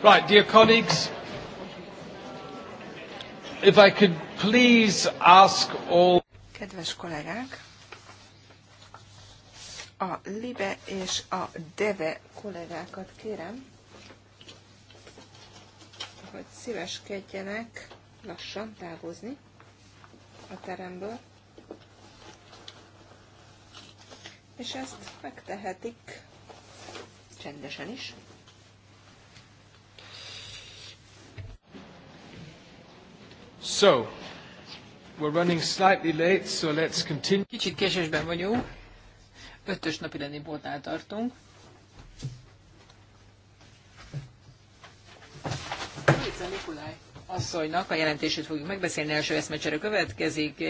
Right, dear colleagues, if I could please ask all... Kedves kollégák, a Libe és a Deve kollégákat kérem, hogy szíveskedjenek lassan távozni a teremből, és ezt megtehetik csendesen is. So, we're running slightly late, so let's continue. Kicsit késésben vagyunk. Ötös napi lenni boltnál tartunk. Luisa Nikolaj asszonynak a jelentését fogjuk megbeszélni, első eszmecsere következik.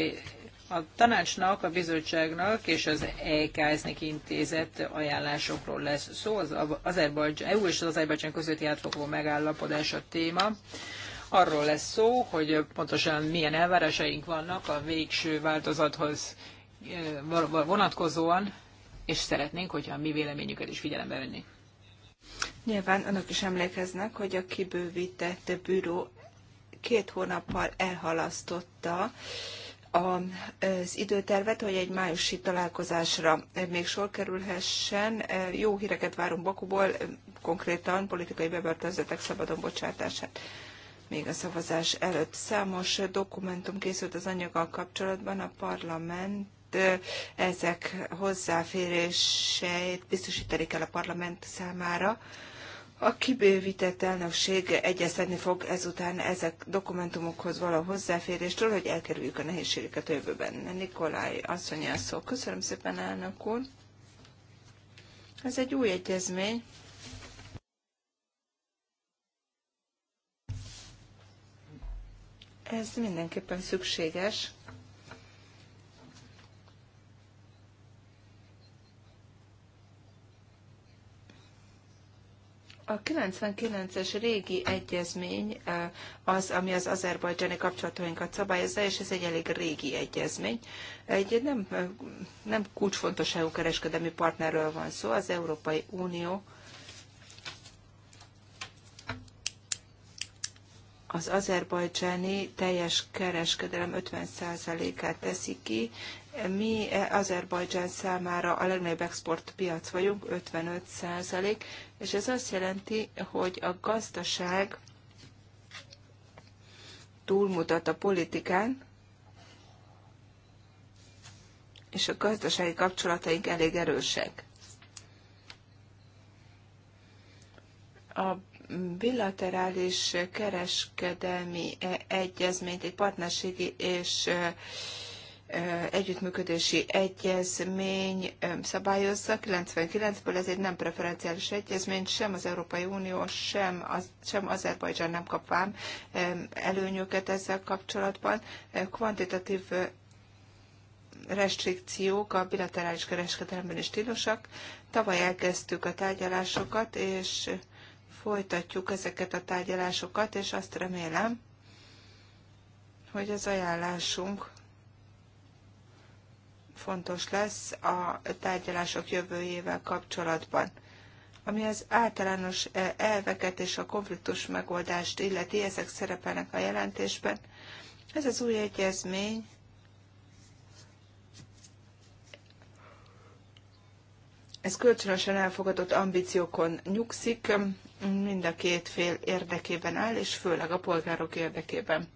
A tanácsnak, a bizottságnak és az EKS-nek intézett ajánlásokról lesz szó. Az EU e és az Azerbajdzsán közötti átfogó megállapodás a téma. Arról lesz szó, hogy pontosan milyen elvárásaink vannak a végső változathoz eh, vonatkozóan, és szeretnénk, hogyha a mi véleményüket is figyelembe venni. Nyilván önök is emlékeznek, hogy a kibővített bűró két hónappal elhalasztotta az időtervet, hogy egy májusi találkozásra még sor kerülhessen. Jó híreket várunk Bakuból, konkrétan politikai bebörtönzetek szabadon bocsátását még a szavazás előtt. Számos dokumentum készült az anyaggal kapcsolatban, a parlament ezek hozzáféréseit biztosítani kell a parlament számára. A kibővített elnökség egyeztetni fog ezután ezek dokumentumokhoz való hozzáférésről, hogy elkerüljük a nehézségeket a jövőben. Nikolaj asszony szó. Köszönöm szépen, elnök úr. Ez egy új egyezmény. Ez mindenképpen szükséges. A 99-es régi egyezmény eh, az, ami az azerbajdzsáni kapcsolatainkat szabályozza, és ez egy elég régi egyezmény. Egy nem, eh, nem kulcsfontosságú kereskedelmi partnerről van szó, az Európai Unió az azerbajdzsáni teljes kereskedelem 50%-át teszi ki. Mi eh, Azerbajdzsán számára a legnagyobb exportpiac vagyunk, 55%, és ez azt jelenti, hogy a gazdaság túlmutat a politikán, és a gazdasági kapcsolataink elég erősek. A bilaterális kereskedelmi e, egyezményt, egy partnerségi és e, e, együttműködési egyezmény szabályozza. 99-ből ez egy nem preferenciális egyezmény, sem az Európai Unió, sem, az, sem Azerbajdzsán nem kap vám előnyöket ezzel kapcsolatban. Kvantitatív restrikciók a bilaterális kereskedelemben is tilosak. Tavaly elkezdtük a tárgyalásokat, és folytatjuk ezeket a tárgyalásokat, és azt remélem, hogy az ajánlásunk fontos lesz a tárgyalások jövőjével kapcsolatban. Ami az általános eh, elveket és a konfliktus megoldást illeti, ezek szerepelnek a jelentésben. Ez az új egyezmény ez kölcsönösen elfogadott ambíciókon nyugszik, mind a két fél érdekében áll, és főleg a polgárok érdekében.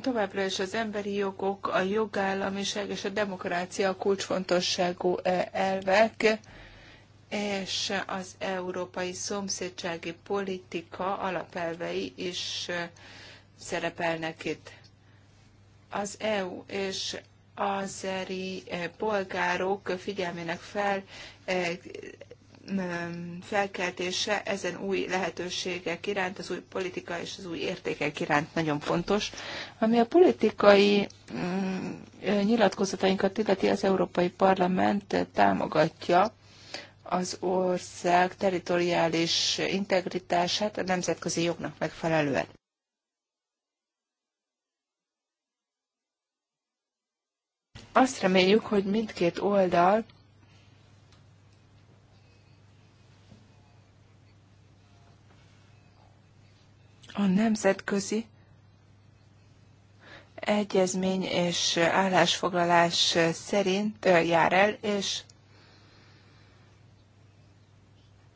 Továbbra is az emberi jogok, a jogállamiság és a demokrácia a kulcsfontosságú eh, elvek, és az európai szomszédsági politika alapelvei is eh, szerepelnek itt. Az EU és azeri eh, polgárok figyelmének fel felkeltése ezen új lehetőségek iránt, az új politika és az új értékek iránt nagyon fontos. Ami a politikai mm, nyilatkozatainkat illeti, az Európai Parlament támogatja az ország teritoriális integritását a nemzetközi jognak megfelelően. Azt reméljük, hogy mindkét oldal a nemzetközi egyezmény és állásfoglalás szerint jár el, és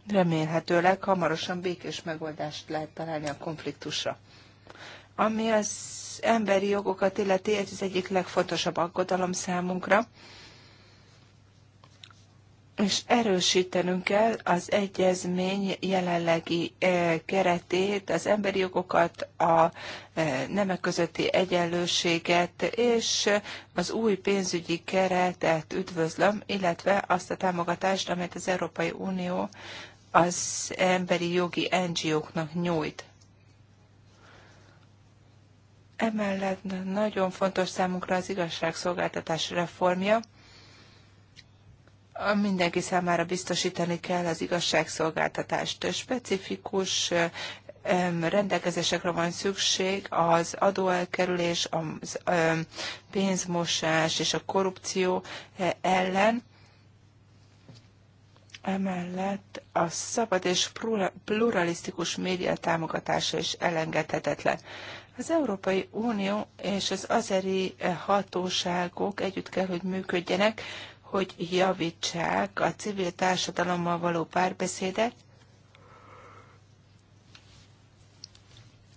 remélhetőleg hamarosan békés megoldást lehet találni a konfliktusra. Ami az emberi jogokat illeti, ez az egyik legfontosabb aggodalom számunkra és erősítenünk kell az egyezmény jelenlegi e, keretét, az emberi jogokat, a e, nemek közötti egyenlőséget és az új pénzügyi keretet üdvözlöm, illetve azt a támogatást, amelyet az Európai Unió az emberi jogi NGO-knak nyújt. Emellett nagyon fontos számunkra az igazságszolgáltatás reformja, mindenki számára biztosítani kell az igazságszolgáltatást. Specifikus rendelkezésekre van szükség az adóelkerülés, a pénzmosás és a korrupció eh, ellen. Emellett a szabad és pluralisztikus média támogatása is elengedhetetlen. Az Európai Unió és az azeri eh, hatóságok együtt kell, hogy működjenek, hogy javítsák a civil társadalommal való párbeszédet,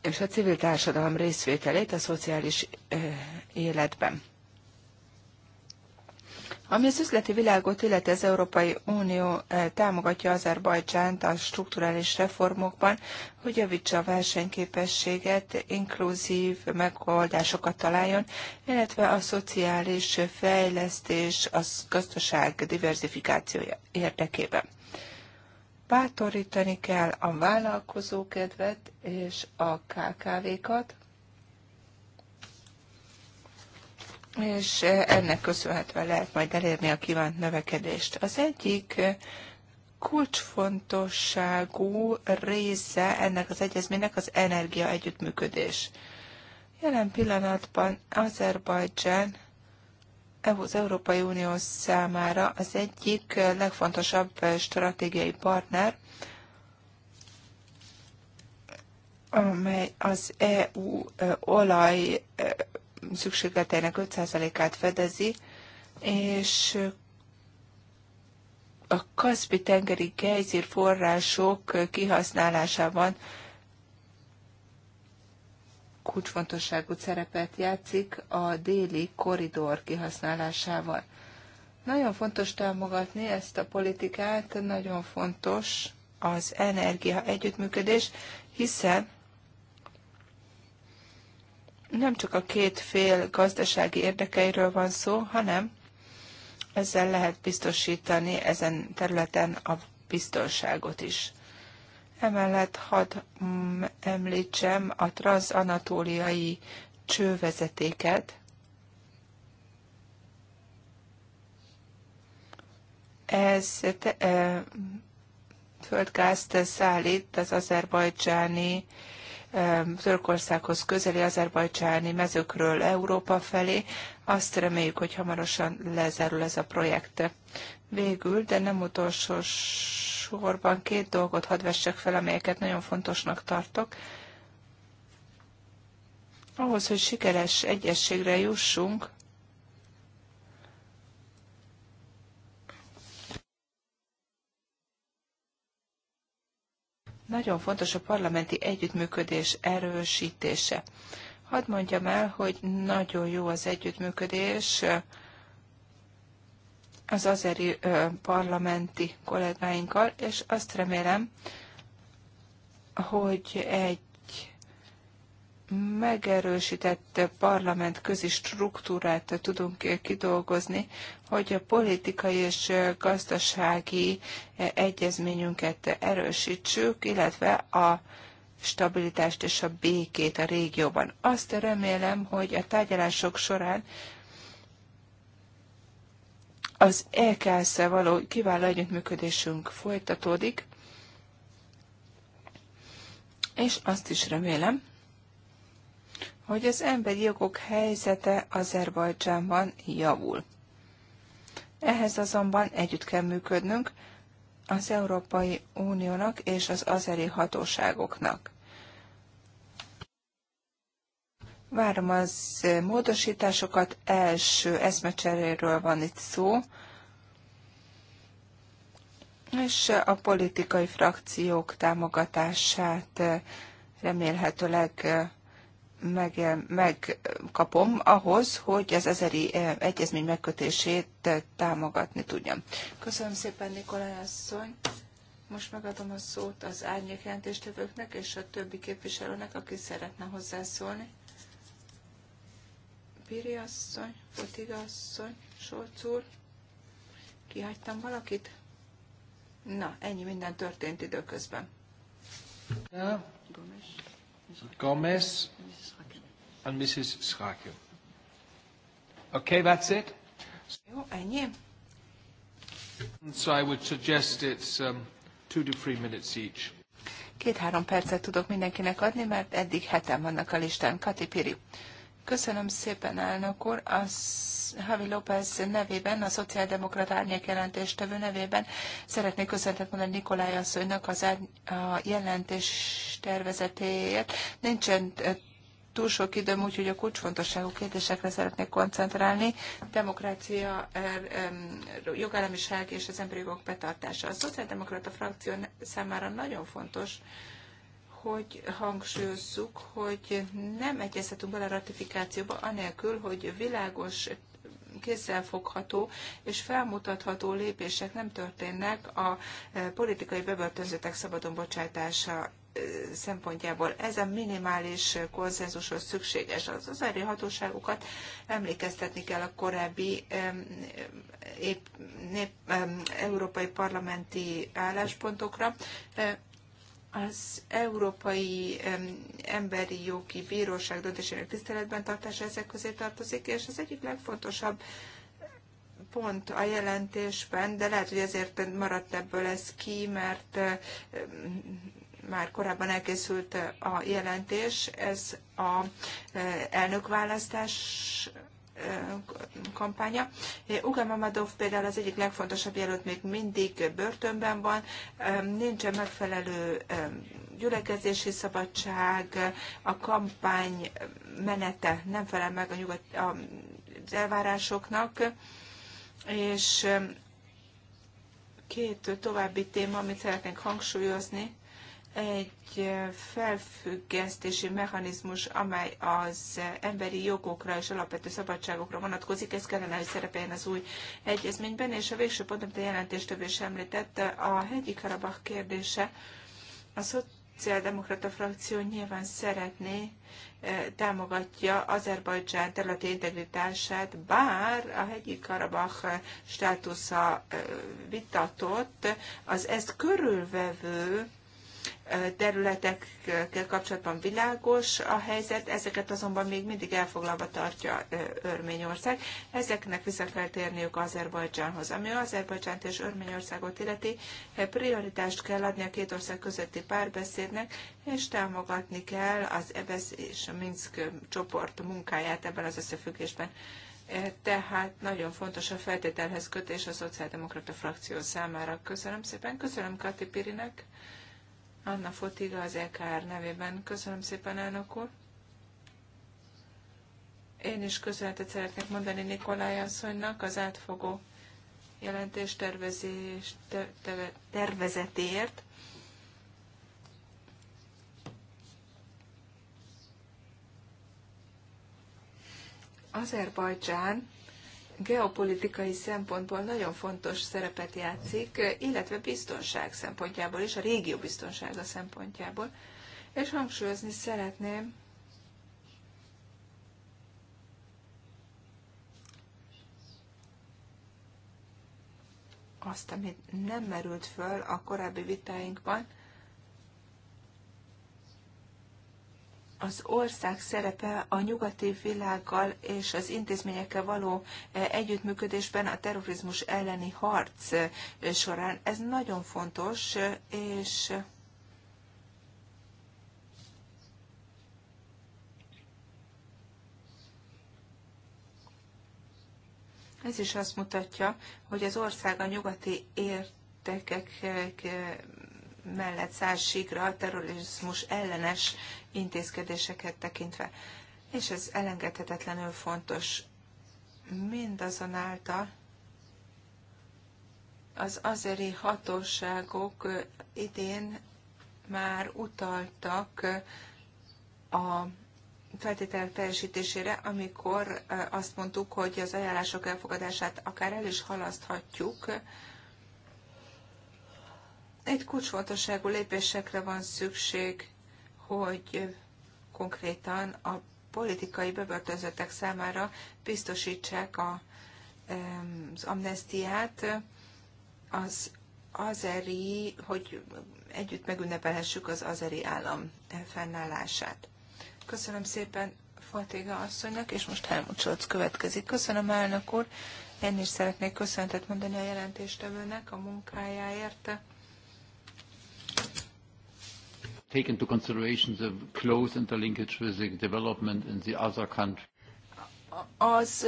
és a civil társadalom részvételét a szociális életben. Ami az üzleti világot illeti, az Európai Unió eh, támogatja Azerbajdzsánt a strukturális reformokban, hogy javítsa a versenyképességet, inkluzív megoldásokat találjon, illetve a szociális fejlesztés, a gazdaság diversifikációja érdekében. Bátorítani kell a vállalkozókedvet és a KKV-kat, és ennek köszönhetően lehet majd elérni a kívánt növekedést. Az egyik kulcsfontosságú része ennek az egyezménynek az energia együttműködés. Jelen pillanatban Azerbajdzsán az Európai Unió számára az egyik legfontosabb stratégiai partner, amely az EU olaj szükségleteinek 5%-át fedezi, és a Kaszpi tengeri gejzír források kihasználásában kulcsfontosságú szerepet játszik a déli koridor kihasználásával. Nagyon fontos támogatni ezt a politikát, nagyon fontos az energia együttműködés, hiszen nem csak a két fél gazdasági érdekeiről van szó, hanem ezzel lehet biztosítani ezen területen a biztonságot is. Emellett hadd említsem a transanatóliai csővezetéket. Ez te, e, földgázt szállít az azerbajdzsáni Törökországhoz közeli azerbajcsáni mezőkről Európa felé. Azt reméljük, hogy hamarosan lezárul ez a projekt. Végül, de nem utolsó sorban két dolgot hadd vessek fel, amelyeket nagyon fontosnak tartok. Ahhoz, hogy sikeres egyességre jussunk, Nagyon fontos a parlamenti együttműködés erősítése. Hadd mondjam el, hogy nagyon jó az együttműködés az azeri parlamenti kollégáinkkal, és azt remélem, hogy egy megerősített parlament közi struktúrát tudunk kidolgozni, hogy a politikai és gazdasági egyezményünket erősítsük, illetve a stabilitást és a békét a régióban. Azt remélem, hogy a tárgyalások során az eksz való kiváló együttműködésünk folytatódik, és azt is remélem, hogy az emberi jogok helyzete Azerbajdzsánban javul. Ehhez azonban együtt kell működnünk az Európai Uniónak és az azeri hatóságoknak. Várom az módosításokat, első eszmecseréről van itt szó, és a politikai frakciók támogatását remélhetőleg meg, megkapom ahhoz, hogy az ezeri eh, egyezmény megkötését eh, támogatni tudjam. Köszönöm szépen, Nikolaj asszony. Most megadom a szót az árnyék jelentéstevőknek és a többi képviselőnek, aki szeretne hozzászólni. Piri asszony, Fotiga asszony, Solc úr. Kihagytam valakit? Na, ennyi minden történt időközben. Ja. Gomez and Mrs. Schakel. Okay, that's it. And So I would suggest it's um, two to three minutes each. Két-három percet tudok mindenkinek adni, mert eddig heten vannak a listán. Kati Piri. Köszönöm szépen, elnök úr. A Javi López nevében, a szociáldemokrata árnyék jelentéstevő nevében szeretnék köszöntet mondani Nikolaj asszonynak az árny- a jelentés tervezetéért. Nincsen túl sok időm, úgyhogy a kulcsfontosságú kérdésekre szeretnék koncentrálni. Demokrácia, er, jogállamiság és az emberi jogok betartása. A szociáldemokrata frakció számára nagyon fontos, hogy hangsúlyozzuk, hogy nem egyezhetünk bele a ratifikációba, anélkül, hogy világos, kézzelfogható és felmutatható lépések nem történnek a eh, politikai bebörtönzőtek szabadon bocsátása eh, szempontjából ez a minimális konszenzushoz szükséges. Az azári hatóságokat emlékeztetni kell a korábbi épp, nép, európai parlamenti álláspontokra, eh, az Európai Emberi Jogi Bíróság döntésének tiszteletben tartása ezek közé tartozik, és az egyik legfontosabb pont a jelentésben, de lehet, hogy ezért maradt ebből ez ki, mert már korábban elkészült a jelentés, ez a elnökválasztás kampánya. Uga Mamadov például az egyik legfontosabb jelölt még mindig börtönben van, nincsen megfelelő gyülekezési szabadság, a kampány menete nem felel meg a nyugat, az elvárásoknak, és két további téma, amit szeretnénk hangsúlyozni, egy felfüggesztési mechanizmus, amely az emberi jogokra és alapvető szabadságokra vonatkozik, ez kellene, hogy szerepeljen az új egyezményben, és a végső pont, amit a több is említett, a hegyi Karabach kérdése, a szociáldemokrata frakció nyilván szeretné, eh, támogatja Azerbajdzsán területi integritását, bár a hegyi Karabach eh, státusza eh, vitatott, az ezt körülvevő területekkel kapcsolatban világos a helyzet, ezeket azonban még mindig elfoglalva tartja Örményország. Ezeknek vissza kell térniük Azerbajdzsánhoz. Ami Azerbajdzsánt és Örményországot illeti, eh, prioritást kell adni a két ország közötti párbeszédnek, és támogatni kell az EBSZ és a Minsk csoport munkáját ebben az összefüggésben. Eh, tehát nagyon fontos a feltételhez kötés a szociáldemokrata frakció számára. Köszönöm szépen, köszönöm Kati Pirinek. Anna Fotiga az EKR nevében. Köszönöm szépen, elnök úr. Én is köszönetet szeretnék mondani Nikolaj asszonynak az átfogó jelentés tervezés, tervezetért. Azerbajdzsán geopolitikai szempontból nagyon fontos szerepet játszik, illetve biztonság szempontjából és a régió biztonsága szempontjából. És hangsúlyozni szeretném, azt, amit nem merült föl a korábbi vitáinkban, az ország szerepe a nyugati világgal és az intézményekkel való e, együttműködésben a terrorizmus elleni harc e, során. Ez nagyon fontos, e, és ez is azt mutatja, hogy az ország a nyugati értékek mellett száz síkra a terrorizmus ellenes intézkedéseket tekintve. És ez elengedhetetlenül fontos. Mindazonáltal az azeri hatóságok idén már utaltak a feltétel teljesítésére, amikor eh, azt mondtuk, hogy az ajánlások elfogadását akár el is halaszthatjuk, egy kulcsfontosságú lépésekre van szükség, hogy konkrétan a politikai bebörtözöttek számára biztosítsák a, az amnestiát, az azeri, hogy együtt megünnepelhessük az azeri állam fennállását. Köszönöm szépen Fatiga asszonynak, és most Helmut Scholz következik. Köszönöm elnök úr, én is szeretnék köszöntet mondani a jelentéstevőnek a munkájáért take into consideration the close interlinkage with the development in the other country? Az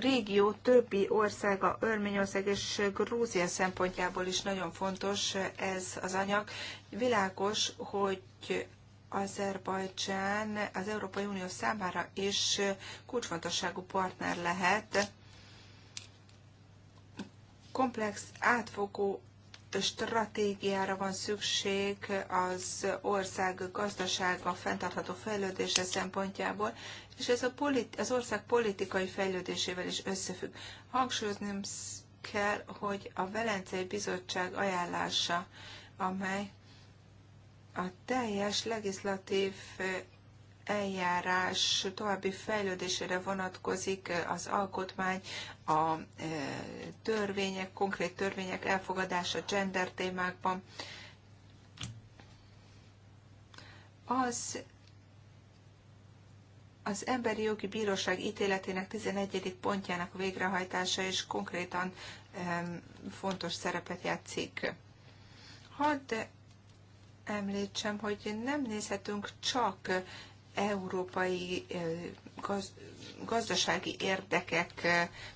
régió többi országa, Örményország és Grúzia szempontjából is nagyon fontos ez az anyag. Világos, hogy Azerbajdzsán az Európai Unió számára is kulcsfontosságú partner lehet. Komplex, átfogó stratégiára van szükség az ország gazdasága fenntartható fejlődése szempontjából, és ez a politi- az ország politikai fejlődésével is összefügg. Hangsúlyozni kell, hogy a Velencei Bizottság ajánlása, amely a teljes legislatív eljárás további fejlődésére vonatkozik az alkotmány, a e, törvények, konkrét törvények elfogadása gender témákban. Az az Emberi Jogi Bíróság ítéletének 11. pontjának végrehajtása is konkrétan e, fontos szerepet játszik. Hadd említsem, hogy nem nézhetünk csak európai gaz, gazdasági érdekek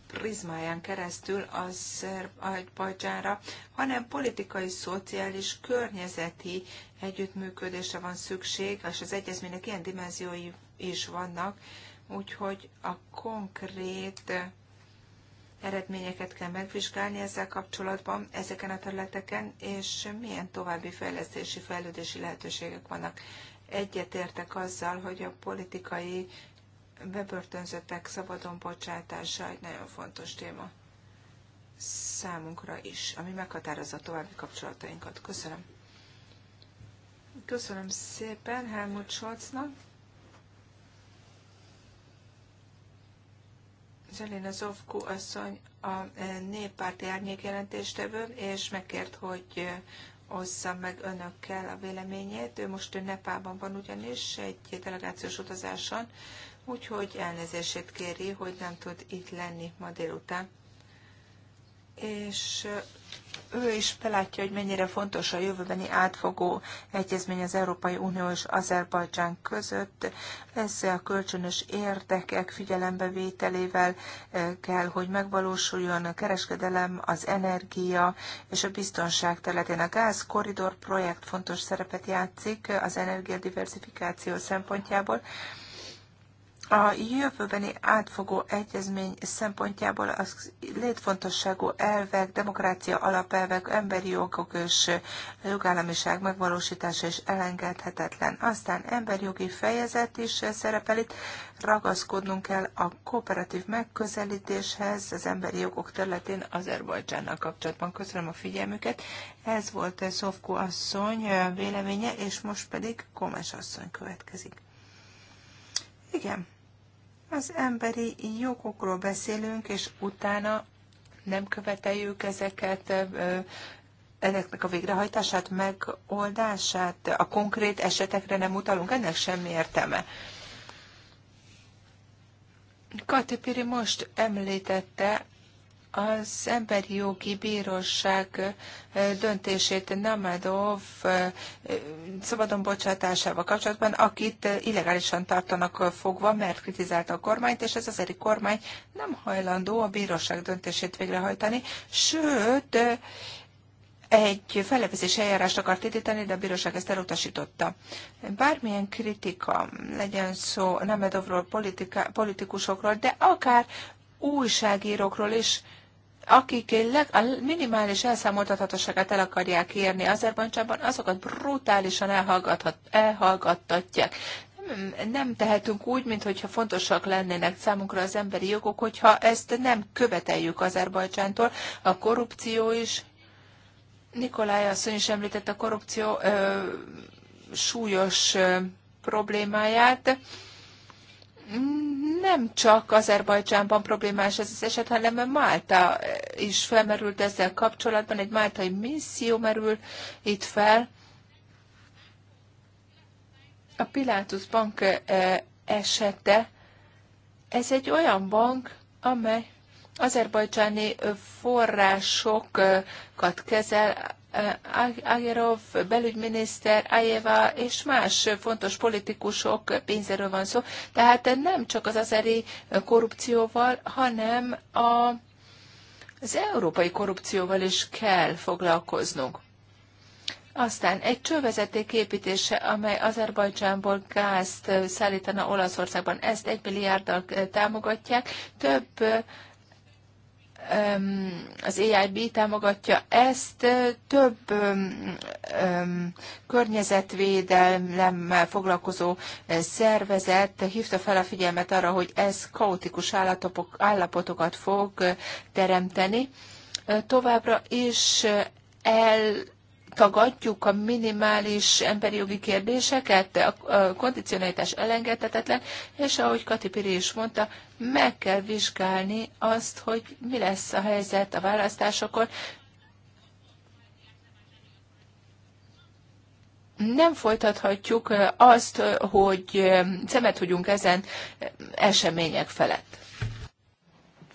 prizmáján keresztül az Azerbajdzsánra, hanem politikai, szociális, környezeti együttműködésre van szükség, és az egyezménynek ilyen dimenziói is vannak, úgyhogy a konkrét eredményeket kell megvizsgálni ezzel kapcsolatban, ezeken a területeken, és milyen további fejlesztési, fejlődési lehetőségek vannak egyetértek azzal, hogy a politikai bebörtönzöttek szabadon bocsátása egy nagyon fontos téma számunkra is, ami meghatározza a további kapcsolatainkat. Köszönöm. Köszönöm szépen Helmut Scholznak. Zelina Zovku asszony a eh, néppárti árnyék jelentéstevő, és megkért, hogy eh, osszam meg önökkel a véleményét. Ő most Nepában van ugyanis egy delegációs utazáson, úgyhogy elnézését kéri, hogy nem tud itt lenni ma délután és ő is belátja, hogy mennyire fontos a jövőbeni átfogó egyezmény az Európai Unió és Azerbajdzsán között. Ez a kölcsönös érdekek figyelembevételével kell, hogy megvalósuljon a kereskedelem, az energia és a biztonság területén. A gáz koridor projekt fontos szerepet játszik az energiadiversifikáció szempontjából. A jövőbeni átfogó egyezmény szempontjából az létfontosságú elvek, demokrácia alapelvek, emberi jogok és jogállamiság megvalósítása is elengedhetetlen. Aztán emberi jogi fejezet is szerepel itt, ragaszkodnunk kell a kooperatív megközelítéshez az emberi jogok területén Azerbajdzsánnal kapcsolatban. Köszönöm a figyelmüket. Ez volt Szovko asszony véleménye, és most pedig Komes asszony következik. Igen. Az emberi jogokról beszélünk, és utána nem követeljük ezeket, ezeknek a végrehajtását, megoldását, a konkrét esetekre nem utalunk, ennek semmi értelme. Kati Piri most említette az Emberi Jogi Bíróság döntését Namadov szabadon bocsátásával kapcsolatban, akit illegálisan tartanak fogva, mert kritizálta a kormányt, és ez az eri kormány nem hajlandó a bíróság döntését végrehajtani, sőt, egy fellebbezési eljárást akart indítani, de a bíróság ezt elutasította. Bármilyen kritika, legyen szó Nemedovról, politikusokról, de akár újságírókról is akik a minimális elszámoltathatóságát el akarják érni Azerbajdzsánban, azokat brutálisan elhallgattatják. Nem, nem tehetünk úgy, mintha fontosak lennének számunkra az emberi jogok, hogyha ezt nem követeljük Azerbajdzsántól. A korrupció is, Nikolaj asszony is említett a korrupció ö, súlyos ö, problémáját. Ö, nem csak Azerbajdzsánban problémás ez az eset, hanem Málta is felmerült ezzel kapcsolatban, egy máltai misszió merül itt fel. A Pilátus Bank eh, esete, ez egy olyan bank, amely azerbajdzsáni eh, forrásokat kezel, Agerov belügyminiszter, Ajeva és más fontos politikusok pénzéről van szó. Tehát nem csak az azeri korrupcióval, hanem a, az európai korrupcióval is kell foglalkoznunk. Aztán egy csővezeték építése, amely Azerbajdzsánból gázt szállítana Olaszországban, ezt egy milliárddal támogatják. Több az AIB támogatja ezt, több környezetvédelemmel foglalkozó szervezet hívta fel a figyelmet arra, hogy ez kaotikus állapotokat fog teremteni. Továbbra is el megtagadjuk a minimális emberi jogi kérdéseket, a kondicionalitás elengedhetetlen, és ahogy Kati Piri is mondta, meg kell vizsgálni azt, hogy mi lesz a helyzet a választásokon, nem folytathatjuk azt, hogy szemet hagyunk ezen események felett.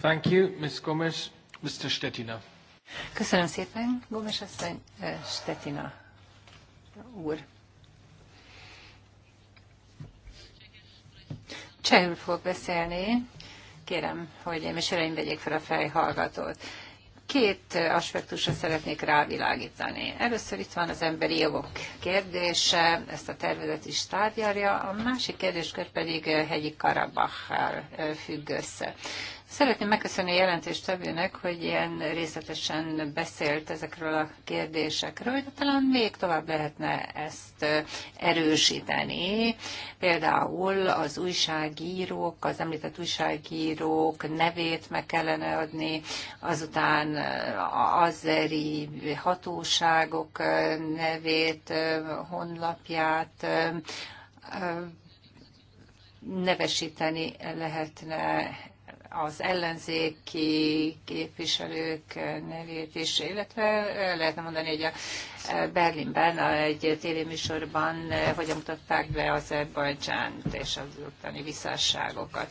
Thank you, Ms. Gomes. Mr. Stettiner. Köszönöm szépen, Gómez asszony, eh, Stetina úr. Csehül fog beszélni. Kérem, hogy én és uraim vegyék fel a fejhallgatót. Két eh, aspektusra szeretnék rávilágítani. Először itt van az emberi jogok kérdése, ezt a tervezet is tárgyalja, a másik kérdéskör pedig eh, hegyi Karabachal függ össze. Szeretném megköszönni a jelentéstevőnek, hogy ilyen részletesen beszélt ezekről a kérdésekről, de talán még tovább lehetne ezt erősíteni. Például az újságírók, az említett újságírók nevét meg kellene adni, azután azeri hatóságok nevét, honlapját, nevesíteni lehetne az ellenzéki képviselők nevét is, illetve eh, lehetne mondani, hogy a eh, Berlinben egy tévéműsorban eh, hogyan mutatták be Erbajcsánt és az utáni visszásságokat.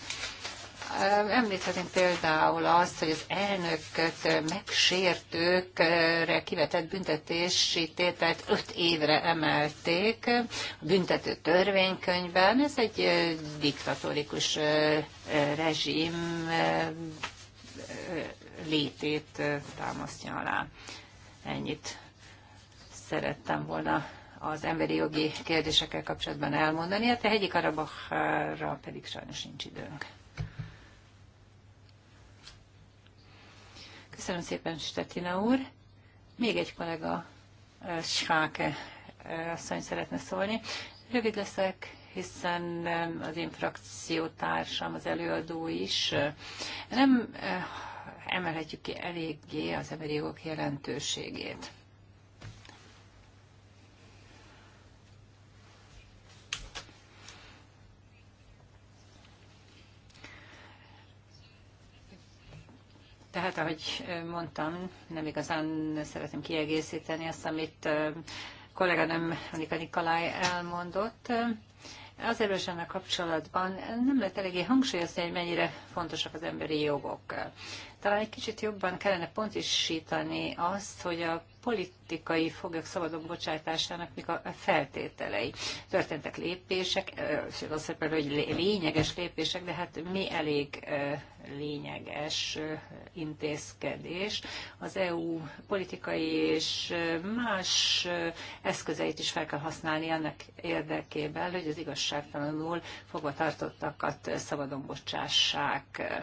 Említhetünk például azt, hogy az elnököt megsértőkre kivetett büntetési tételt öt évre emelték a büntető törvénykönyvben. Ez egy diktatórikus rezsim létét támasztja alá. Ennyit szerettem volna az emberi jogi kérdésekkel kapcsolatban elmondani, hát a hegyi Karabachra pedig sajnos nincs időnk. Köszönöm szépen, Stetina úr. Még egy kollega, eh, Schake eh, asszony szeretne szólni. Rövid leszek, hiszen eh, az én frakciótársam, az előadó is. Nem emelhetjük ki eléggé az emberi jogok jelentőségét. Tehát, ahogy mondtam, nem igazán szeretem kiegészíteni azt, amit kolléganőm Anika Nikolaj elmondott. Az a kapcsolatban nem lehet eléggé hangsúlyozni, hogy mennyire fontosak az emberi jogok. Talán egy kicsit jobban kellene pontisítani azt, hogy a politikai foglyok szabadon bocsátásának mik a feltételei. Történtek lépések, sőt azt szerepel, hogy lényeges lépések, de hát mi elég lényeges intézkedés. Az EU politikai és más eszközeit is fel kell használni ennek érdekében, hogy az igazságtalanul fogva tartottakat szabadon bocsássák.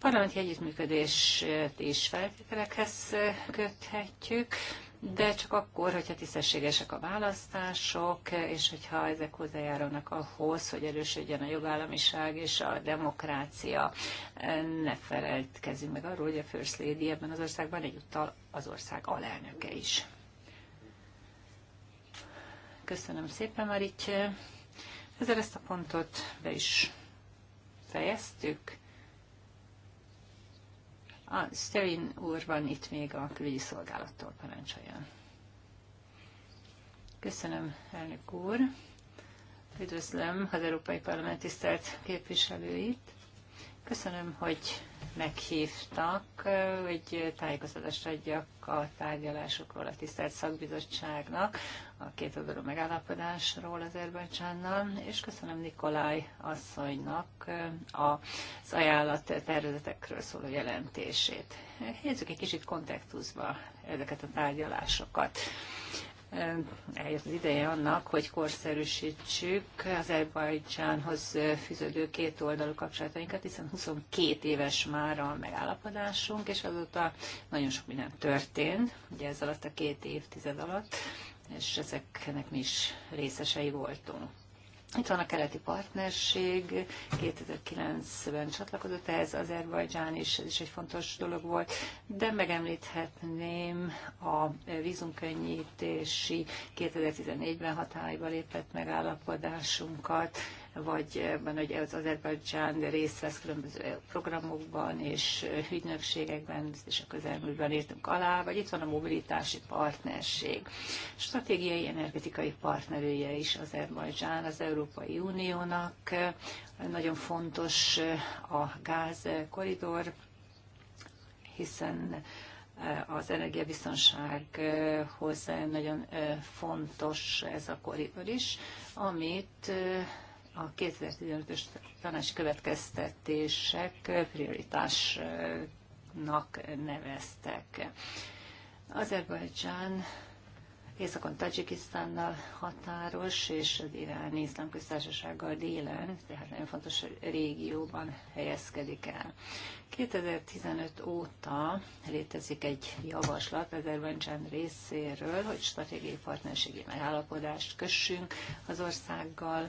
Parlamenti együttműködést is feltételekhez köthetjük de csak akkor, hogyha tisztességesek a választások, és hogyha ezek hozzájárulnak ahhoz, hogy erősödjön a jogállamiság és a demokrácia. Ne feledkezzünk meg arról, hogy a First Lady ebben az országban egyúttal az ország alelnöke is. Köszönöm szépen, Maritje. Ezzel ezt a pontot be is fejeztük. A Sterin úr van itt még a külügyi szolgálattól, parancsoljon. Köszönöm, elnök úr. Üdvözlöm az Európai Parlament tisztelt képviselőit. Köszönöm, hogy meghívtak, hogy tájékoztatást adjak a tárgyalásokról a tisztelt szakbizottságnak, a két oldalú megállapodásról az Azerbajcsánnal, és köszönöm Nikolaj asszonynak az ajánlat tervezetekről szóló jelentését. Nézzük egy kicsit kontextusba ezeket a tárgyalásokat eljött az ideje annak, hogy korszerűsítsük az Erbajcsánhoz fűződő két oldalú kapcsolatainkat, hiszen 22 éves már a megállapodásunk, és azóta nagyon sok minden történt, ugye ez alatt a két évtized alatt, és ezeknek mi is részesei voltunk. Itt van a keleti partnerség, 2009-ben csatlakozott ehhez Azerbajdzsán is, ez is egy fontos dolog volt, de megemlíthetném a vízumkönnyítési 2014-ben hatályba lépett megállapodásunkat, vagy ebben, hogy az Azerbajdzsán részt vesz különböző programokban és ügynökségekben, és a közelműben írtunk alá, vagy itt van a mobilitási partnerség. Stratégiai energetikai partnerője is Azerbajdzsán az Európai Uniónak. Nagyon fontos a gázkoridor, hiszen az energiabiztonsághoz nagyon fontos ez a koridor is, amit a 2015-ös tanács következtetések prioritásnak neveztek. Azerbajdzsán északon Tajikisztánnal határos, és az iráni iszlám köztársasággal délen, tehát nagyon fontos régióban helyezkedik el. 2015 óta létezik egy javaslat Azerbajdzsán részéről, hogy stratégiai partnerségi megállapodást kössünk az országgal,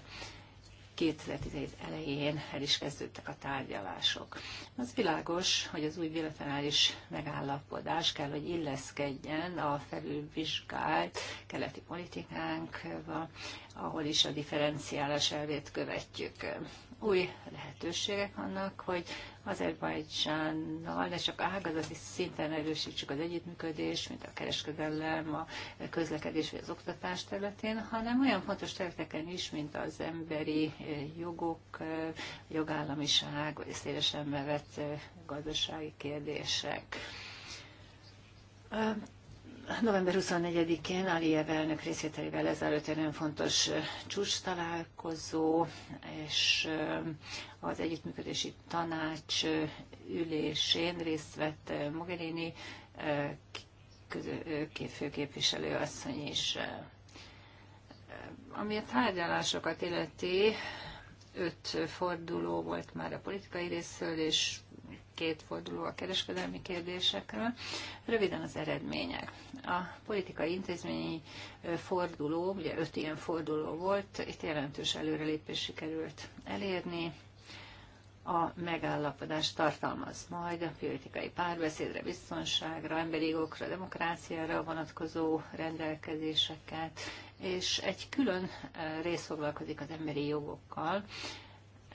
2017 elején el is kezdődtek a tárgyalások. Az világos, hogy az új bilaterális megállapodás kell, hogy illeszkedjen a felülvizsgált keleti politikánkba, ahol is a differenciálás elvét követjük új lehetőségek annak, hogy Azerbajdzsánnal ne csak ágazati szinten erősítsük az együttműködést, mint a kereskedelem, a közlekedés vagy az oktatás területén, hanem olyan fontos területeken is, mint az emberi jogok, jogállamiság, vagy szélesen vett gazdasági kérdések november 24-én Aliyev elnök részvételével ezelőtt egy nagyon fontos csúcs találkozó, és az együttműködési tanács ülésén részt vett Mogherini főképviselő asszony is. Ami a tárgyalásokat illeti, öt forduló volt már a politikai részről, és két forduló a kereskedelmi kérdésekről. Röviden az eredmények. A politikai intézményi forduló, ugye öt ilyen forduló volt, itt jelentős előrelépés sikerült elérni, a megállapodás tartalmaz majd a politikai párbeszédre, biztonságra, emberi jogokra, demokráciára vonatkozó rendelkezéseket, és egy külön rész foglalkozik az emberi jogokkal,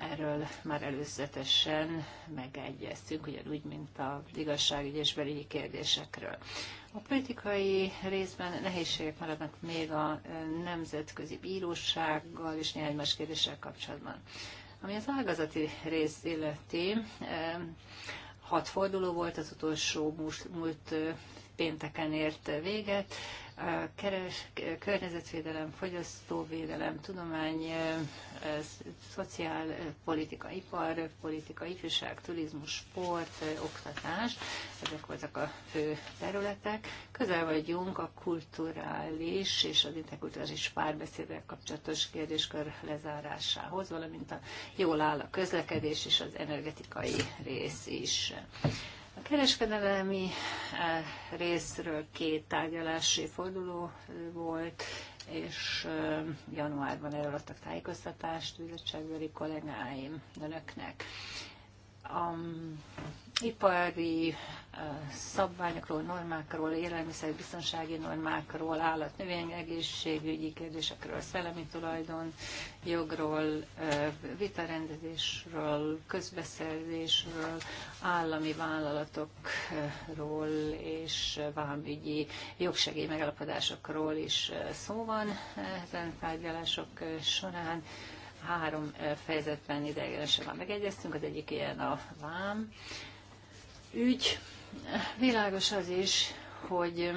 erről már előzetesen megegyeztünk, ugyanúgy, mint a igazságügy és belügyi kérdésekről. A politikai részben nehézségek maradnak még a nemzetközi bírósággal és néhány más kérdéssel kapcsolatban. Ami az ágazati rész illeti, hat forduló volt az utolsó múlt pénteken ért véget. A keres, környezetvédelem, fogyasztóvédelem, tudomány, szociálpolitika, iparpolitika, ifjúság, turizmus, sport, oktatás, ezek voltak a fő területek. Közel vagyunk a kulturális és az interkulturális párbeszédek kapcsolatos kérdéskör lezárásához, valamint a jól áll a közlekedés és az energetikai rész is. A kereskedelmi eh, részről két tárgyalási forduló eh, volt, és eh, januárban előadtak tájékoztatást bizottságbeli kollégáim önöknek a um, ipari uh, szabványokról, normákról, biztonsági normákról, állat, növény, egészségügyi kérdésekről, szellemi tulajdon, jogról, uh, vitarendezésről, közbeszerzésről, állami vállalatokról és vámügyi jogsegély megalapodásokról is uh, szó van ezen tárgyalások során. Három fejezetben ideiglenesen már megegyeztünk, az egyik ilyen a vám ügy. Világos az is, hogy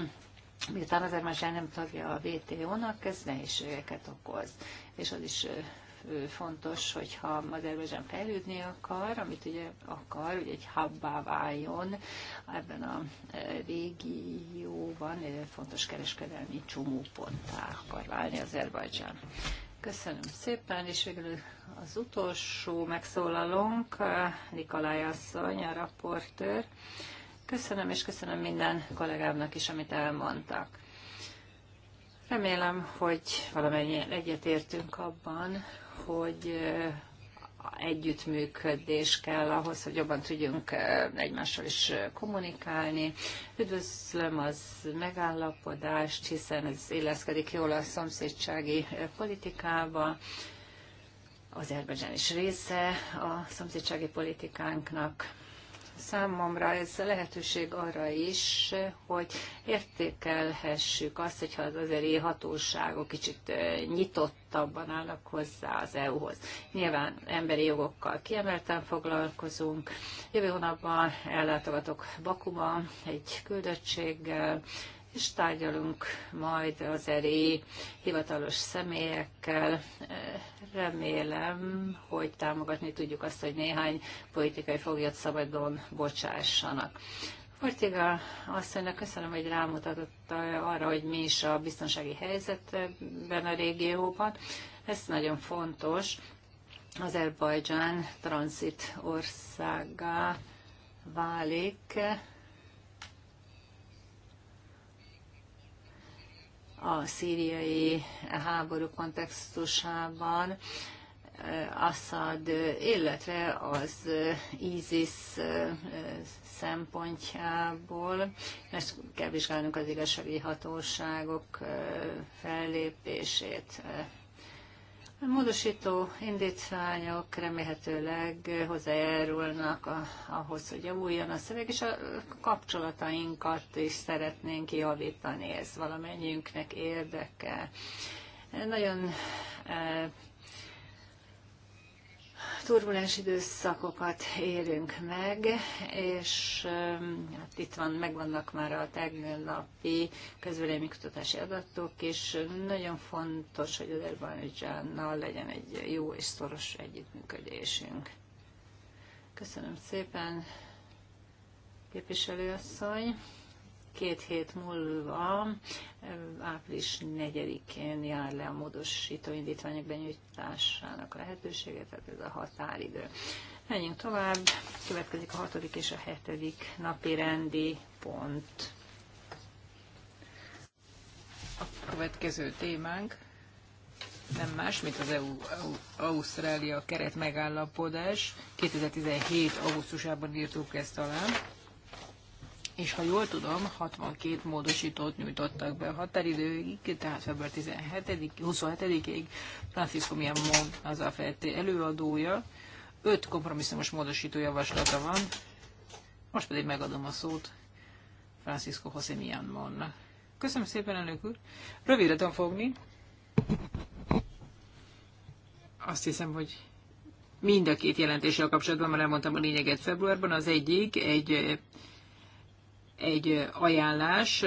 miután Azerbajdzsán nem tagja a vto nak ez nehézségeket okoz. És az is fontos, hogyha Azerbajdzsán fejlődni akar, amit ugye akar, hogy egy hubbá váljon ebben a régióban, fontos kereskedelmi csomóponttá akar válni Azerbajdzsán. Köszönöm szépen, és végül az utolsó megszólalónk, eh, Nikolaj asszony, a raportőr. Köszönöm, és köszönöm minden kollégámnak is, amit elmondtak. Remélem, hogy valamennyien egyetértünk abban, hogy eh, együttműködés kell ahhoz, hogy jobban tudjunk egymással is kommunikálni. Üdvözlöm az megállapodást, hiszen ez illeszkedik jól a szomszédsági politikába. Azerbajdzsán is része a szomszédsági politikánknak. Számomra ez lehetőség arra is, hogy értékelhessük azt, hogyha az azeri hatóságok kicsit nyitott nyitottabban állnak hozzá az EU-hoz. Nyilván emberi jogokkal kiemelten foglalkozunk. Jövő hónapban ellátogatok Bakuba egy küldöttséggel, és tárgyalunk majd az eri hivatalos személyekkel. Remélem, hogy támogatni tudjuk azt, hogy néhány politikai foglyot szabadon bocsássanak. Ortiga asszonynak köszönöm, hogy rámutatott arra, hogy mi is a biztonsági helyzetben a régióban. Ez nagyon fontos. Azerbajdzsán transzit országá válik. a szíriai háború kontextusában Assad, illetve az ISIS szempontjából. Ezt kell vizsgálnunk az igazsági hatóságok fellépését. A módosító indítványok remélhetőleg hozzájárulnak ahhoz, hogy javuljon a szöveg, és a kapcsolatainkat is szeretnénk javítani, ez valamennyiünknek érdeke. Nagyon turbulens időszakokat élünk meg, és hát itt van, megvannak már a tegnapi közvéleménykutatási adatok, és nagyon fontos, hogy Azerbajdzsánnal legyen egy jó és szoros együttműködésünk. Köszönöm szépen, képviselőasszony! két hét múlva, eh, április 4-én jár le a módosító indítványok benyújtásának lehetősége, tehát ez a határidő. Menjünk tovább, következik a hatodik és a hetedik napi rendi pont. A következő témánk nem más, mint az EU-Ausztrália keret megállapodás. 2017. augusztusában írtuk ezt alá és ha jól tudom, 62 módosítót nyújtottak be a határidőig, tehát február 27-ig Francisco Miamon az a előadója, 5 kompromisszumos módosító javaslata van, most pedig megadom a szót Francisco José Miamonnak. Köszönöm szépen, elnök úr. Rövidre tudom fogni. Azt hiszem, hogy mind a két jelentéssel kapcsolatban már elmondtam a lényeget februárban. Az egyik egy egy ajánlás,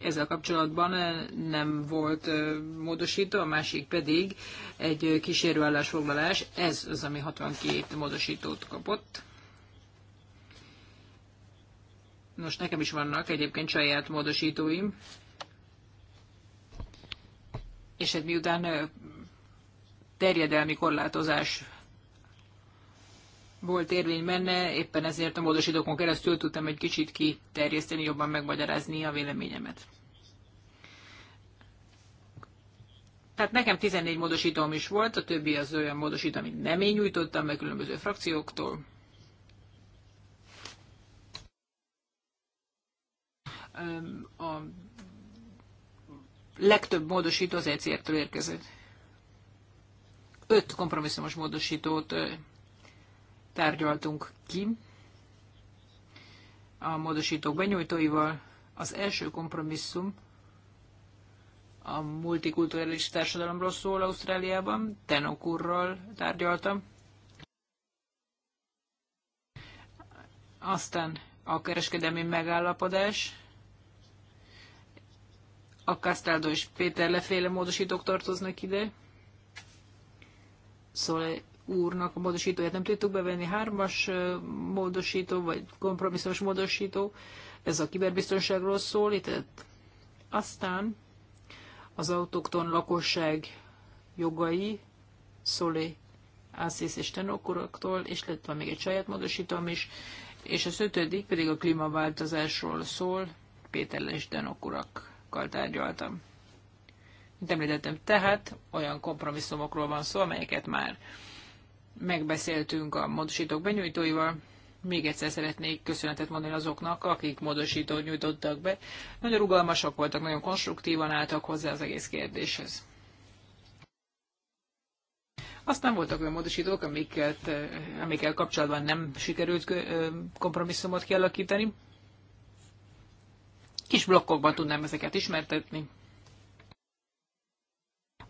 ezzel kapcsolatban nem volt módosító, a másik pedig egy kísérőállásfoglalás, ez az, ami 62 módosítót kapott. Nos, nekem is vannak egyébként saját módosítóim. És hát miután terjedelmi korlátozás volt érvény benne, éppen ezért a módosítókon keresztül tudtam egy kicsit kiterjeszteni, jobban megmagyarázni a véleményemet. Tehát nekem 14 módosítóm is volt, a többi az olyan módosító, amit nem én nyújtottam meg különböző frakcióktól. A legtöbb módosító az ECR-től érkezett. Öt kompromisszumos módosítót tárgyaltunk ki a módosítók benyújtóival. Az első kompromisszum a multikulturális társadalomról szól Ausztráliában. Tenokurral tárgyaltam. Aztán a kereskedelmi megállapodás. A Castaldo és Péter leféle módosítók tartoznak ide. Szóval úrnak a módosítóját nem tudtuk bevenni. Hármas módosító, vagy kompromisszumos módosító, ez a kiberbiztonságról szól. Itt aztán az autokton lakosság jogai, Szolé, Ászész és Tenokuraktól, és lett van még egy saját módosítom is, és az ötödik pedig a klímaváltozásról szól, Péter és Denokurakkal tárgyaltam. Mint említettem, tehát olyan kompromisszumokról van szó, amelyeket már megbeszéltünk a módosítók benyújtóival. Még egyszer szeretnék köszönetet mondani azoknak, akik módosítót nyújtottak be. Nagyon rugalmasak voltak, nagyon konstruktívan álltak hozzá az egész kérdéshez. Aztán voltak olyan módosítók, amiket, amikkel kapcsolatban nem sikerült kompromisszumot kialakítani. Kis blokkokban tudnám ezeket ismertetni.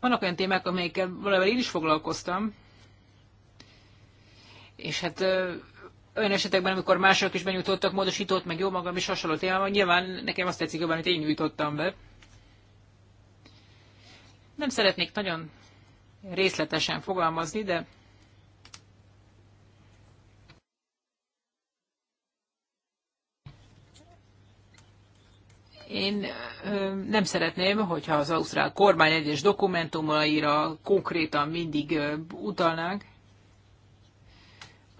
Vannak olyan témák, amelyekkel valamivel én is foglalkoztam, és hát olyan esetekben, amikor mások is benyújtottak, módosított, meg jó magam is hasonló témában, nyilván nekem azt tetszik jobban, amit én nyújtottam be. Nem szeretnék nagyon részletesen fogalmazni, de Én nem szeretném, hogyha az ausztrál kormány egyes dokumentumaira konkrétan mindig utalnánk.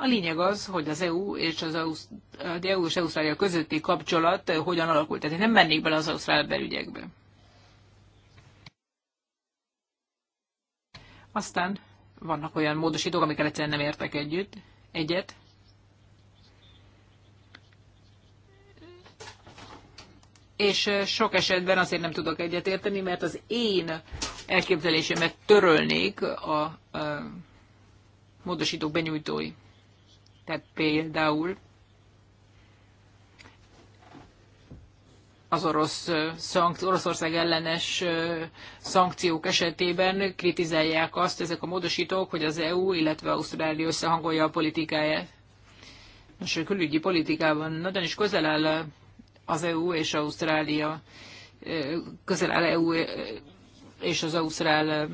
A lényeg az, hogy az EU és az, Ausz... E az EU és Ausztrália közötti kapcsolat eh, hogyan alakult. Tehát én nem mennék bele az ausztrál belügyekbe. Aztán vannak olyan módosítók, amikkel egyszerűen nem értek együtt, egyet. És eh, sok esetben azért nem tudok egyet érteni, mert az én elképzelésemet törölnék a, a eh, módosítók benyújtói. Tehát például az orosz szank, Oroszország ellenes szankciók esetében kritizálják azt ezek a módosítók, hogy az EU, illetve Ausztrália összehangolja a politikáját. Most a külügyi politikában nagyon is közel áll az EU és Ausztrália, közel áll EU és az Ausztrál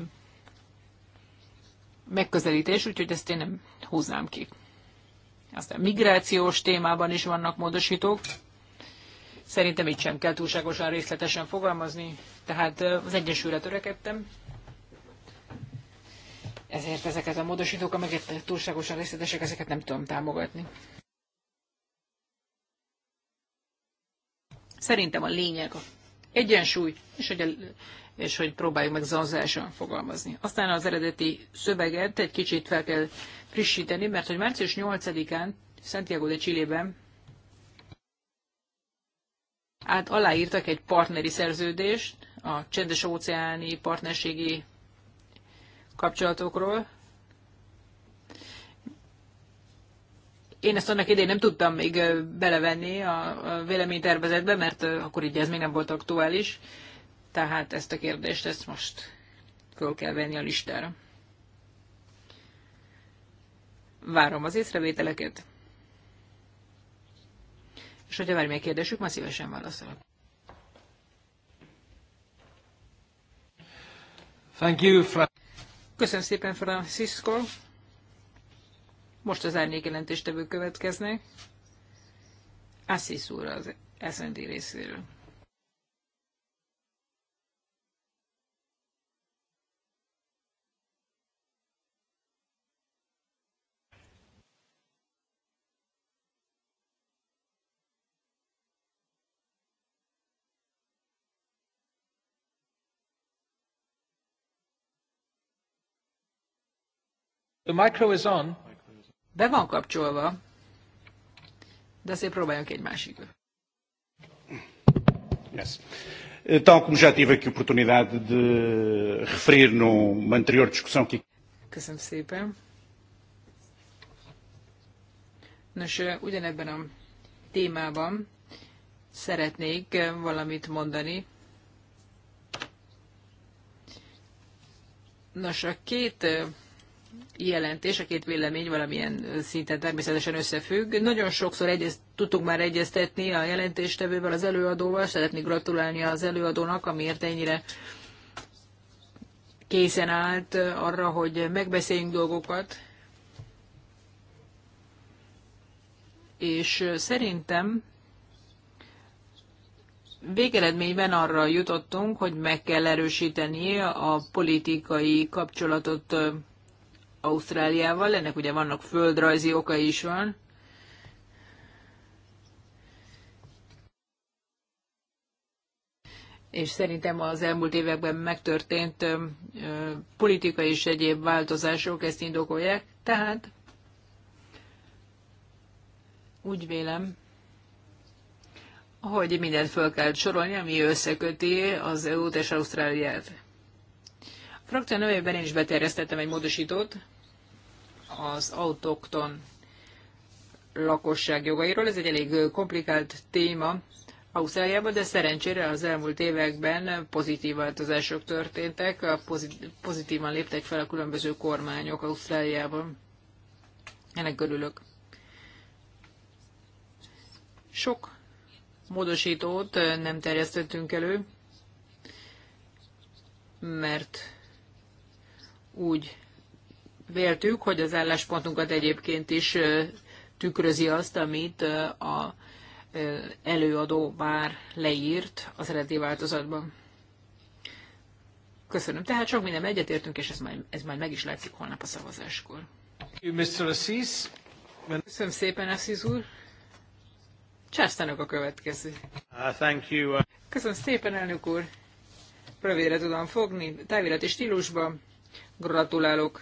megközelítés, úgyhogy ezt én nem húznám ki. Aztán migrációs témában is vannak módosítók. Szerintem itt sem kell túlságosan részletesen fogalmazni, tehát az egyensúlyra törekedtem. Ezért ezeket a módosítók, amiket túlságosan részletesek, ezeket nem tudom támogatni. Szerintem a lényeg egyensúly, és hogy, el, és hogy próbáljuk meg zanzásan fogalmazni. Aztán az eredeti szöveget egy kicsit fel kell frissíteni, mert hogy március 8-án Santiago de Chile-ben át aláírtak egy partneri szerződést a csendes óceáni partnerségi kapcsolatokról, Én ezt annak idején nem tudtam még belevenni a, véleménytervezetbe, mert akkor így ez még nem volt aktuális. Tehát ezt a kérdést, ezt most föl kell venni a listára. Várom az észrevételeket. És hogyha bármilyen kérdésük, már szívesen válaszolok. Thank you, Fra Köszönöm szépen, Francisco. Most az jelentéstevő következnek. Assis úr az SND részéről. The micro is on. Be van kapcsolva, de azért próbáljunk egy másik. Yes. Tal como já tive aqui oportunidade de referir numa anterior discussão que... Köszönöm szépen. Nos, ugyanebben a témában szeretnék valamit mondani. Nos, a két jelentés, a két vélemény valamilyen szinten természetesen összefügg. Nagyon sokszor egyez, tudtuk már egyeztetni a jelentéstevővel, az előadóval, szeretnék gratulálni az előadónak, amiért ennyire készen állt arra, hogy megbeszéljünk dolgokat. És szerintem végeredményben arra jutottunk, hogy meg kell erősíteni a politikai kapcsolatot Ausztráliával, ennek ugye vannak földrajzi okai is van. És szerintem az elmúlt években megtörtént ö, ö, politikai és egyéb változások ezt indokolják, tehát úgy vélem, hogy mindent fel kell sorolni, ami összeköti az EU-t és Ausztráliát frakció nevében én is beterjesztettem egy módosítót az autokton lakosság jogairól. Ez egy elég komplikált téma Ausztráliában, de szerencsére az elmúlt években pozitív változások történtek, pozitívan léptek fel a különböző kormányok Ausztráliában. Ennek örülök. Sok módosítót nem terjesztettünk elő, mert úgy véltük, hogy az álláspontunkat egyébként is tükrözi azt, amit a előadó már leírt az eredeti változatban. Köszönöm. Tehát sok minden egyetértünk, és ez majd, ez majd meg is látszik holnap a szavazáskor. Köszönöm szépen, Assis úr. Császtának a következő. Uh, thank you. Uh, Köszönöm szépen, elnök úr. Rövidre tudom fogni, távirati stílusban. Gratulálok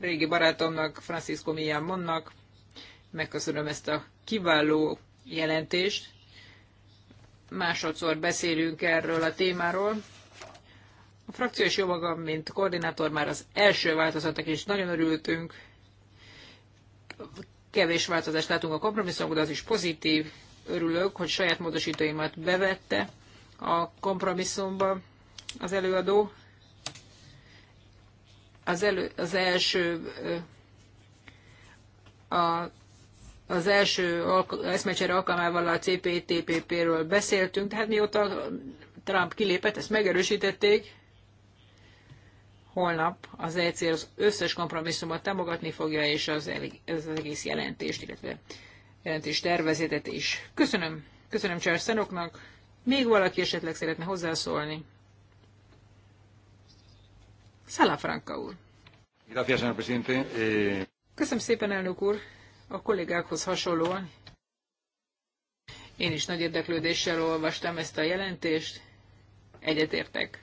régi barátomnak, Francisco Millán Monnak. Megköszönöm ezt a kiváló jelentést. Másodszor beszélünk erről a témáról. A frakció és mint koordinátor már az első változatnak is nagyon örültünk. Kevés változást látunk a kompromisszumok, de az is pozitív. Örülök, hogy saját módosítóimat bevette a kompromisszumba az előadó. Az, elő, az első a, az első eszmecsere alkalmával a CPTPP-ről beszéltünk, tehát mióta Trump kilépett, ezt megerősítették, holnap az EC az összes kompromisszumot támogatni fogja, és az, ez az egész jelentést, illetve jelentés tervezetet is. Köszönöm, köszönöm Charles Szenoknak. Még valaki esetleg szeretne hozzászólni? Salafranca úr. Eh, Köszönöm szépen, elnök úr. A kollégákhoz hasonlóan én is nagy érdeklődéssel olvastam ezt a jelentést. Egyetértek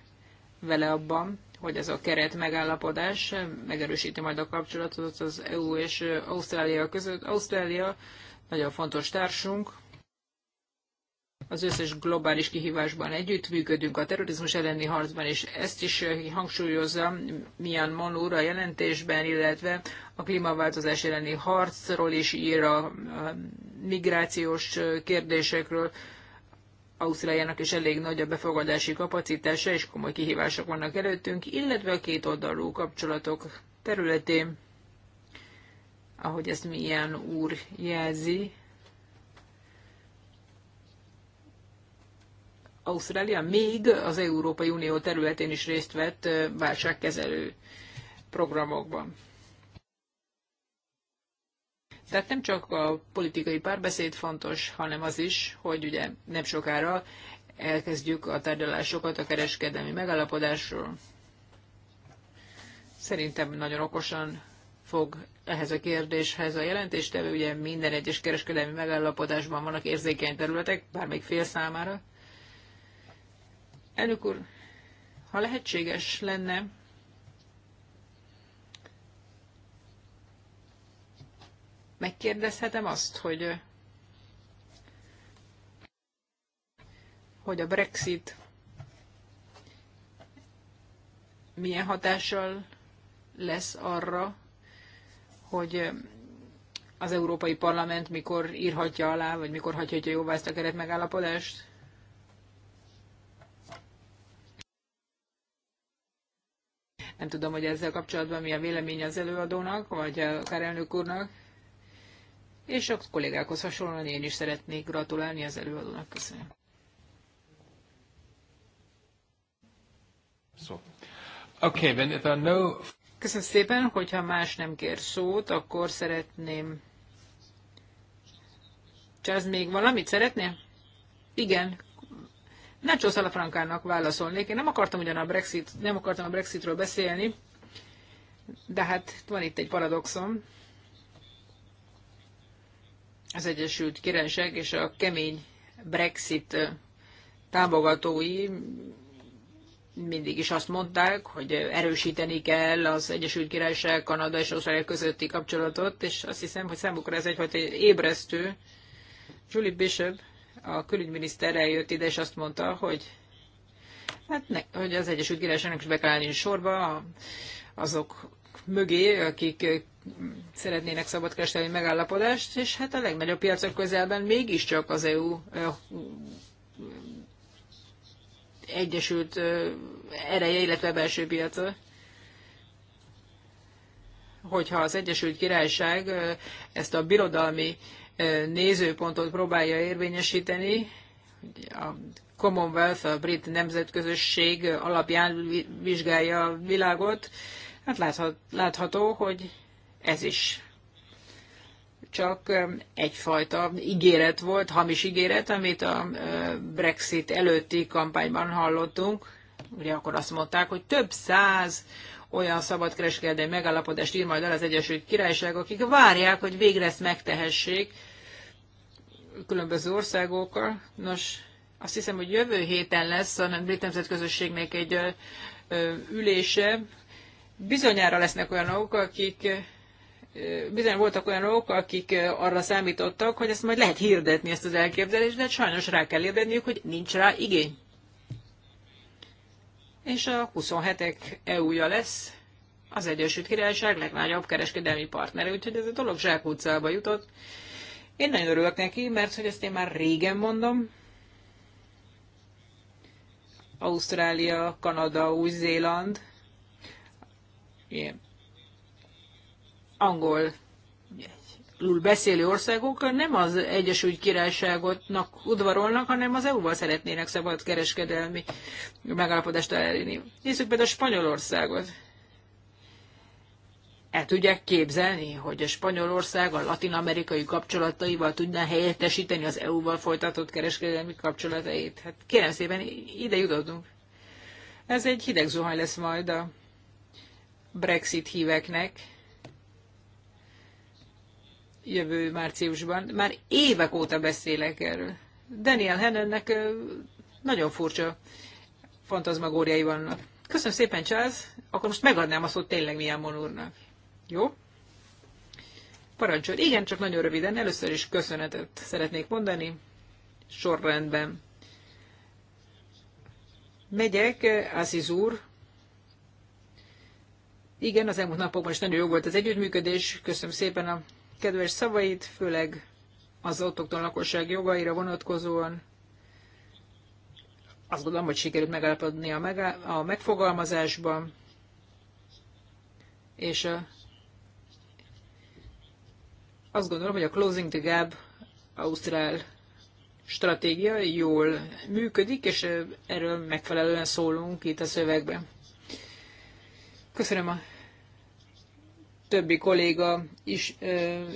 vele abban, hogy ez a keret megállapodás megerősíti majd a kapcsolatot az EU és Ausztrália között. Ausztrália nagyon fontos társunk, az összes globális kihívásban együttműködünk a terrorizmus elleni harcban, és ezt is hangsúlyozza Mian Monur a jelentésben, illetve a klímaváltozás elleni harcról is ír a migrációs kérdésekről. Ausztráliának is elég nagy a befogadási kapacitása, és komoly kihívások vannak előttünk, illetve a két oldalú kapcsolatok területén, ahogy ezt milyen úr jelzi, Ausztrália még az Európai Unió területén is részt vett válságkezelő programokban. Tehát nem csak a politikai párbeszéd fontos, hanem az is, hogy ugye nem sokára elkezdjük a tárgyalásokat a kereskedelmi megállapodásról. Szerintem nagyon okosan fog ehhez a kérdéshez a jelentéstevő, ugye minden egyes kereskedelmi megállapodásban vannak érzékeny területek, bármelyik fél számára, Elnök úr, ha lehetséges lenne, megkérdezhetem azt, hogy hogy a Brexit milyen hatással lesz arra, hogy az Európai Parlament mikor írhatja alá, vagy mikor hagyhatja jóvá ezt a keretmegállapodást? Nem tudom, hogy ezzel kapcsolatban mi a vélemény az előadónak, vagy a elnök úrnak. És a kollégákhoz hasonlóan én is szeretnék gratulálni az előadónak. Köszönöm. So. Okay, then if no... Köszönöm szépen, hogyha más nem kér szót, akkor szeretném... Csak még valamit szeretné? Igen, Nacho Salafrankának válaszolnék. Én nem akartam ugyan a Brexit, nem akartam a Brexitről beszélni, de hát van itt egy paradoxom. Az Egyesült Királyság és a kemény Brexit támogatói mindig is azt mondták, hogy erősíteni kell az Egyesült Királyság, Kanada és Ausztrália közötti kapcsolatot, és azt hiszem, hogy számukra ez egyfajta ébresztő. Julie Bishop a külügyminiszter eljött ide, és azt mondta, hogy, hát ne, hogy az Egyesült Királyságnak is be kell állni sorba azok mögé, akik szeretnének szabadkereskedelmi megállapodást, és hát a legnagyobb piacok közelben mégiscsak az EU egyesült ereje, illetve belső piaca hogyha az Egyesült Királyság ezt a birodalmi nézőpontot próbálja érvényesíteni, a Commonwealth, a brit nemzetközösség alapján vizsgálja a világot, hát láthat, látható, hogy ez is csak egyfajta ígéret volt, hamis ígéret, amit a Brexit előtti kampányban hallottunk. Ugye akkor azt mondták, hogy több száz olyan szabadkereskedelmi megállapodást ír majd el az Egyesült Királyság, akik várják, hogy végre ezt megtehessék különböző országokkal. Nos, azt hiszem, hogy jövő héten lesz a Brit Nemzetközösségnek egy ülése. Bizonyára lesznek olyanok, akik bizony voltak olyanok, akik arra számítottak, hogy ezt majd lehet hirdetni, ezt az elképzelést, de sajnos rá kell érdeniük, hogy nincs rá igény és a 27-ek EU-ja lesz az Egyesült Királyság legnagyobb kereskedelmi partnere, úgyhogy ez a dolog zsákutcába jutott. Én nagyon örülök neki, mert hogy ezt én már régen mondom, Ausztrália, Kanada, Új-Zéland, ilyen angol beszélő országok nem az Egyesült Királyságotnak udvarolnak, hanem az EU-val szeretnének szabad kereskedelmi megállapodást elérni. Nézzük például Spanyolországot. El tudják képzelni, hogy a Spanyolország a latin-amerikai kapcsolataival tudná helyettesíteni az EU-val folytatott kereskedelmi kapcsolatait? Hát kérem szépen, ide jutottunk. Ez egy hideg zuhany lesz majd a Brexit híveknek jövő márciusban. Már évek óta beszélek erről. Daniel Hennennek nagyon furcsa fantazmagóriai vannak. Köszönöm szépen, Charles. Akkor most megadnám a szót tényleg milyen monurnak. Jó? Parancsol. Igen, csak nagyon röviden. Először is köszönetet szeretnék mondani. Sorrendben. Megyek, Aziz úr. Igen, az elmúlt napokban is nagyon jó volt az együttműködés. Köszönöm szépen a kedves szavait, főleg az autokton lakosság jogaira vonatkozóan. Azt gondolom, hogy sikerült megállapodni a, megá- a megfogalmazásban, és a, azt gondolom, hogy a Closing the Gap Ausztrál stratégia jól működik, és erről megfelelően szólunk itt a szövegben. Köszönöm a többi kolléga is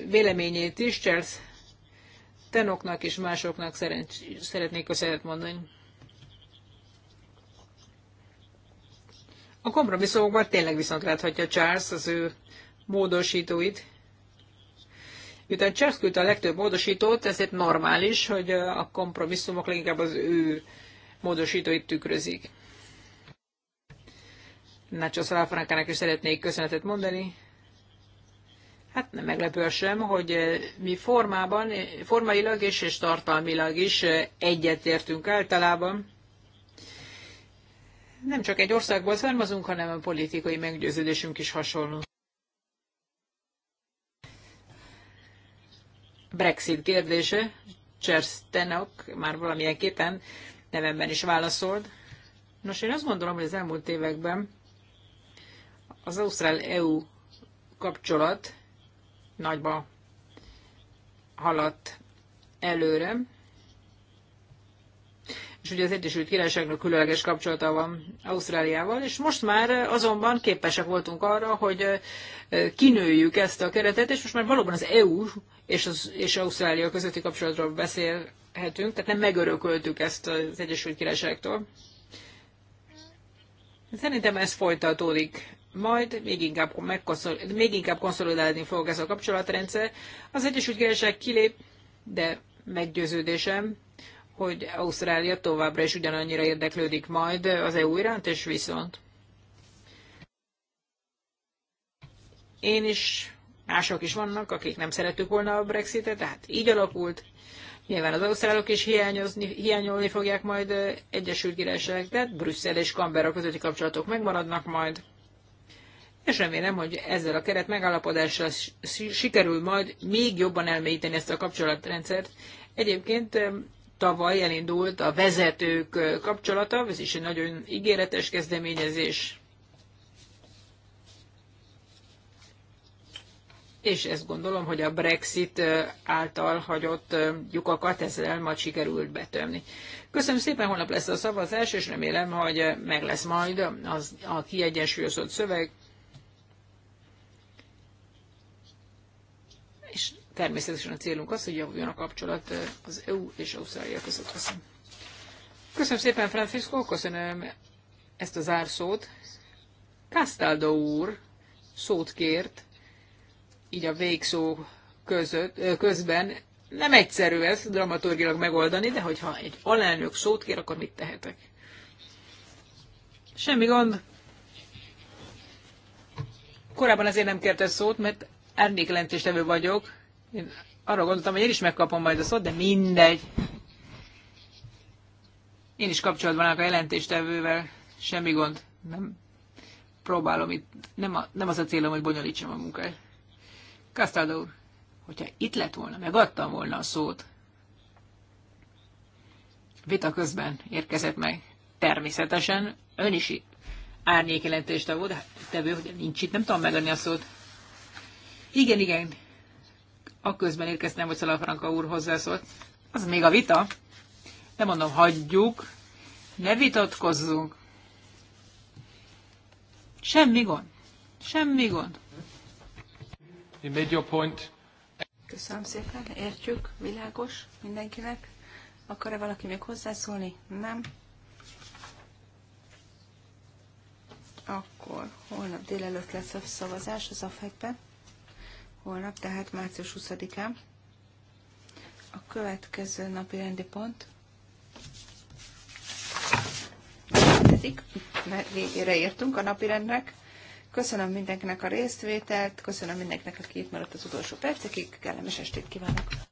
véleményét is, Charles Tenoknak és másoknak szeretnék köszönet mondani. A kompromisszumokban tényleg viszont láthatja Charles az ő módosítóit. Miután Charles küldte a legtöbb módosítót, ezért normális, hogy a kompromisszumok leginkább az ő módosítóit tükrözik. Nacho Salafrankának is szeretnék köszönetet mondani. Hát nem meglepő sem, hogy eh, mi formában, eh, formailag és, és tartalmilag is eh, egyetértünk általában. Nem csak egy országból származunk, hanem a politikai meggyőződésünk is hasonló. Brexit kérdése, Charles Tenok már valamilyen képen nevemben is válaszolt. Nos, én azt gondolom, hogy az elmúlt években az Ausztrál-EU kapcsolat nagyba haladt előre. És ugye az Egyesült Királyságnak különleges kapcsolata van Ausztráliával, és most már azonban képesek voltunk arra, hogy kinőjük ezt a keretet, és most már valóban az EU és, az, és Ausztrália közötti kapcsolatról beszélhetünk, tehát nem megörököltük ezt az Egyesült Királyságtól. Szerintem ez folytatódik majd még inkább, még inkább konszolidálni fog ez a kapcsolatrendszer. Az Egyesült Királyság kilép, de meggyőződésem, hogy Ausztrália továbbra is ugyanannyira érdeklődik majd az EU iránt, és viszont. Én is, mások is vannak, akik nem szerettük volna a Brexitet, tehát így alakult. Nyilván az ausztrálok is hiányozni, hiányolni fogják majd Egyesült Királyság, tehát Brüsszel és Canberra közötti kapcsolatok megmaradnak majd és remélem, hogy ezzel a keret megállapodással sikerül majd még jobban elmélyíteni ezt a kapcsolatrendszert. Egyébként tavaly elindult a vezetők kapcsolata, ez is egy nagyon ígéretes kezdeményezés. És ezt gondolom, hogy a Brexit által hagyott lyukakat ezzel majd sikerült betömni. Köszönöm szépen, holnap lesz a szavazás, és remélem, hogy meg lesz majd az, a kiegyensúlyozott szöveg. és természetesen a célunk az, hogy javuljon a kapcsolat az EU és Ausztrália között. Köszönöm. Köszönöm szépen, Francisco, köszönöm ezt a zárszót. Castaldo úr szót kért, így a végszó között, közben. Nem egyszerű ez dramaturgilag megoldani, de hogyha egy alelnök szót kér, akkor mit tehetek? Semmi gond. Korábban azért nem kérte szót, mert árnyékjelentéstevő vagyok. Én arra gondoltam, hogy én is megkapom majd a szót, de mindegy. Én is kapcsolatban állok a jelentéstevővel, semmi gond. Nem próbálom itt, nem, a, nem az a célom, hogy bonyolítsam a munkát. Kasztáda úr, hogyha itt lett volna, megadtam volna a szót. Vita közben érkezett meg. Természetesen ön is de tevő, hogy nincs itt, nem tudom megadni a szót. Igen, igen. A közben érkeztem, hogy Szalafranka úr hozzászólt. Az még a vita. Nem mondom, hagyjuk. Ne vitatkozzunk. Semmi gond. Semmi gond. You made your point. Köszönöm szépen, értjük, világos mindenkinek. Akar-e valaki még hozzászólni? Nem. Akkor holnap délelőtt lesz a szavazás az AFEG-ben holnap, tehát március 20-án. A következő napi rendi pont mert végére értünk a rendnek. Köszönöm mindenkinek a résztvételt, köszönöm mindenkinek, aki itt maradt az utolsó percekig, kellemes estét kívánok!